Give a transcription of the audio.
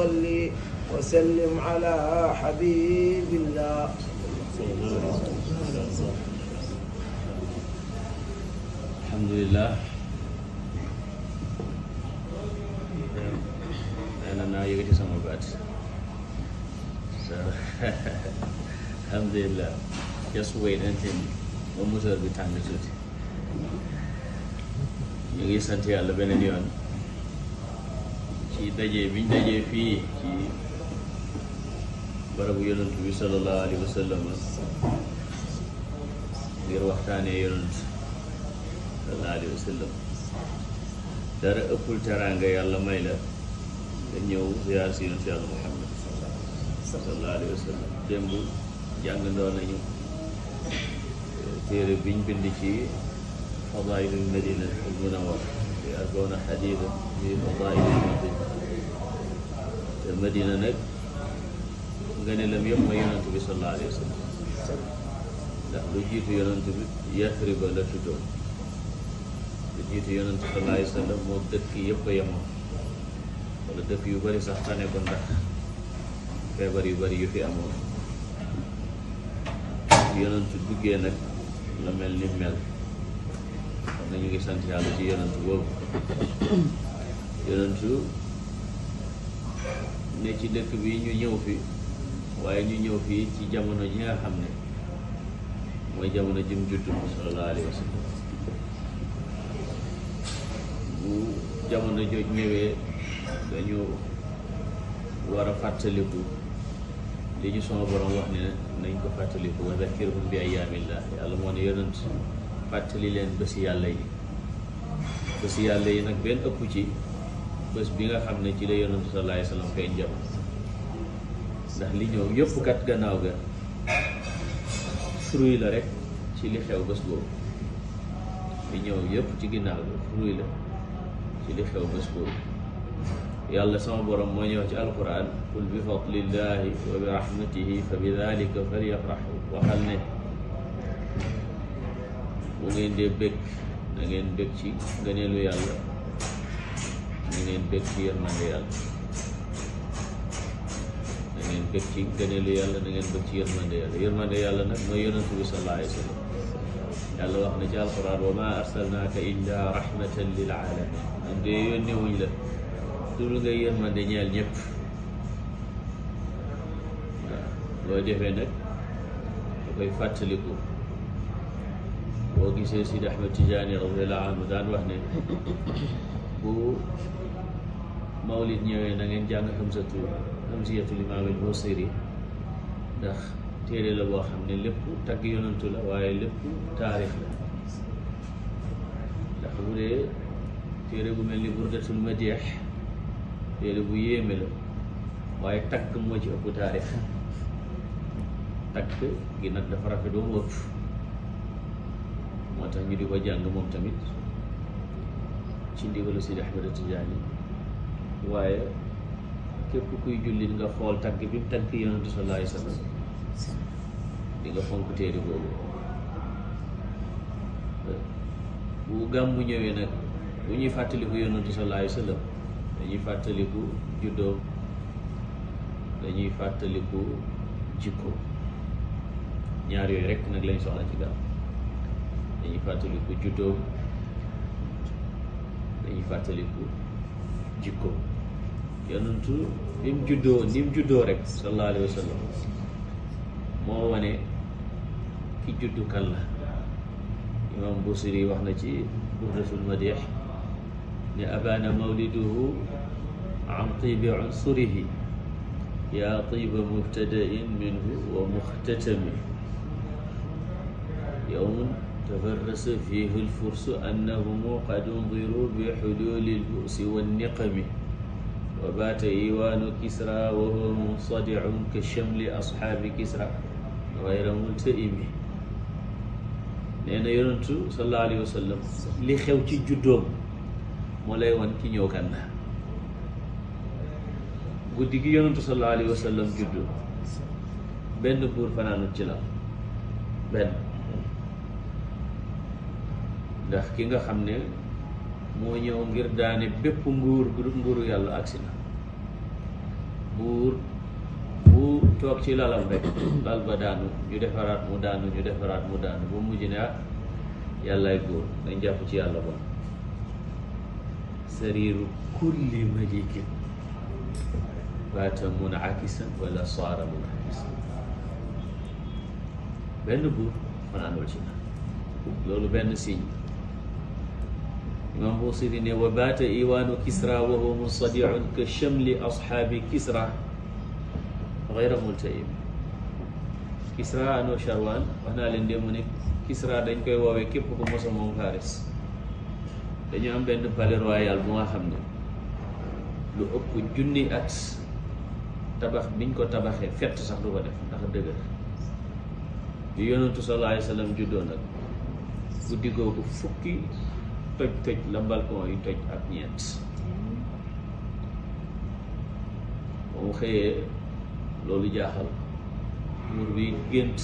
وصل وسلم على حبيب الله الحمد لله أنا أنا يجي سما بعد الحمد لله just wait until ba moteur bi tàng tuuti ñu ngi sant yàlla beneen yoon ci dajee biñ dajee fii ci barabu yonent bi sallallahu alayhi wa sallam ngir waxtaanee yonent sallallahu alayhi wa dara ëppul teraanga yàlla may la nga ñëw ziyaar si yàlla muhammad sallallahu alayhi wa sallam démb jàngandoo nañu téere biñ bind ci fadaailu madina al munawwara di arbauna xadiida fi fadaili nabi te Madina nag nga ne lam yëpp ma yonent bi sallallahu alayhi wa sallam ndax jiitu yonent bi Yaxriba la tuddoon lu jiitu yonent sallallahu alayhi wa sallam moo dëkk yëpp a wala dëkk yu bari sax tane ko ndax feebar yu bari yu fi amoon yonent duggee nag la mel ni mel na ñu ngi sant yàlla ci yonent boobu yonent ne ci dëkk bi ñu ñëw fi waaye ñu ñëw fii ci jamono ji nga xam ne mooy jamono jëm juddu sallallahu alayhi wa sallam bu jamono jooj ñëwee dañu war a fàttaliku li ñu sama borom wax ne nañ ko fàttaliku wa zakkirhum bi ayyaamillah yàlla moo ne yonent fàttali leen bés yàlla yi bés yàlla yi nag benn ëpp ci bés bi nga xam ne ci la yonent sallallahu alayhi wasallam feeñ ndax li ñëw yëpp kat gannaaw ga fruit la rek ci li xew bés boobu li ñëw yëpp ci ginnaaw ga fruit la ci li xew bés boobu yàlla sama boroom moo ñëw ci alquran qul bi fadlillahi wa bi rahmatihi fa bi dalika falyafrahu waxal ne bu ngeen dee bëgg na ngeen bëgg ci ngëneelu yàlla na ngeen bëgg ci yërmande yàlla na ngeen bëgg ci ngëneelu yàlla na ngeen bëgg ci yërmande yàlla yërmande yàlla nag mooy yonentu bi sallallahu alayhi wa sallam yàlla na ci alquran wa maa arsalnaaka illa rahmatan lil alamin ñun de yónni wuñ la dul nga yërmande ñeel ñëpp waaw loo defee nag da koy fàttaliku boo gisee Sidi Ahmed Tijaani radiyallaahu anhu daan wax ne bu mawlid ñëwee na ngeen jàng xamsatu xamsiyatul imaamil Busiri ndax téere la boo xam ne lépp tagg yonantu la waaye lépp taarix la ndax bu dee téere bu mel ni burdatul madix téere bu yéeme la waaye takk moo ci ëpp taarix takk gi nag dafa rafet ba mu moo tax ñu di ko jàng moom tamit ci ndigalu Sidi Ahmada Tijaani waaye képp kuy jullit nga xool tagg bi mu tagg yonent sallallahu alayhi wa sallam di nga fonk téere boobu bu gàmmu ñëwee nag bu ñuy fàttaliku yonent sallallahu alayhi wa sallam dañuy fàttaliku juddoom dañuy fàttaliku jikko ñaar yooyu rekk nag lañ soxla ci gàmm dañuy fàttaliku juddoom dañuy fàttaliku jikkoom yonentu bi mu juddoo ni mu rek sallallahu alayhi moo wane ki juddu kan la imam Busiri wax na ci Buhratul Madih ne abana mawliduhu an tibi unsurihi yaa tiba mubtadain minhu wa muxtatami yowmun تبرس فيه الفرس أنهم قد انظروا بحلول البؤس والنقم وبات إيوان كسرى وهو منصدع كشمل أصحاب كسرى غير ملتئم nee na yonentu sallallahu alayhi wa sallam li xew ci juddoom moo lay wan ki ñëw kan la guddi gi yonentu sallallahu alayhi wa sallam juddu benn buur fanaanut ci la benn ndax ki nga xam ne moo ñëw ngir daane bépp nguur bu nguuru yàlla agsi na buur bu toog ci lalam rek lal ba daanu ñu defaraat mu daanu ñu defaraat mu daanu ba mujj ne ah yàllaay buur dañ jàpp ci yàlla bon sariiru kulli malikin baata mun akisan wala saara mun akisan benn buur fanaanul ci na loolu benn signe imam Busiri ne wa baata iwaanu kisra wa huwa munsadicun ka shamli ashaabi kisra gayra multaim kisra wax naa leen démb ne kisra dañ koy woowee képp ku mos a moom dañu am benn palais royal bu nga xam ne lu ëpp junni at tabax biñ ko tabaxee fett sax du ko def ndax dëgër yu yonentu sallallahu alayhi wa sallam juddoo nag guddi fukki toj toj la balcon yi toj ak ñeent ba mu xëyee loolu jaaxal buur bi gént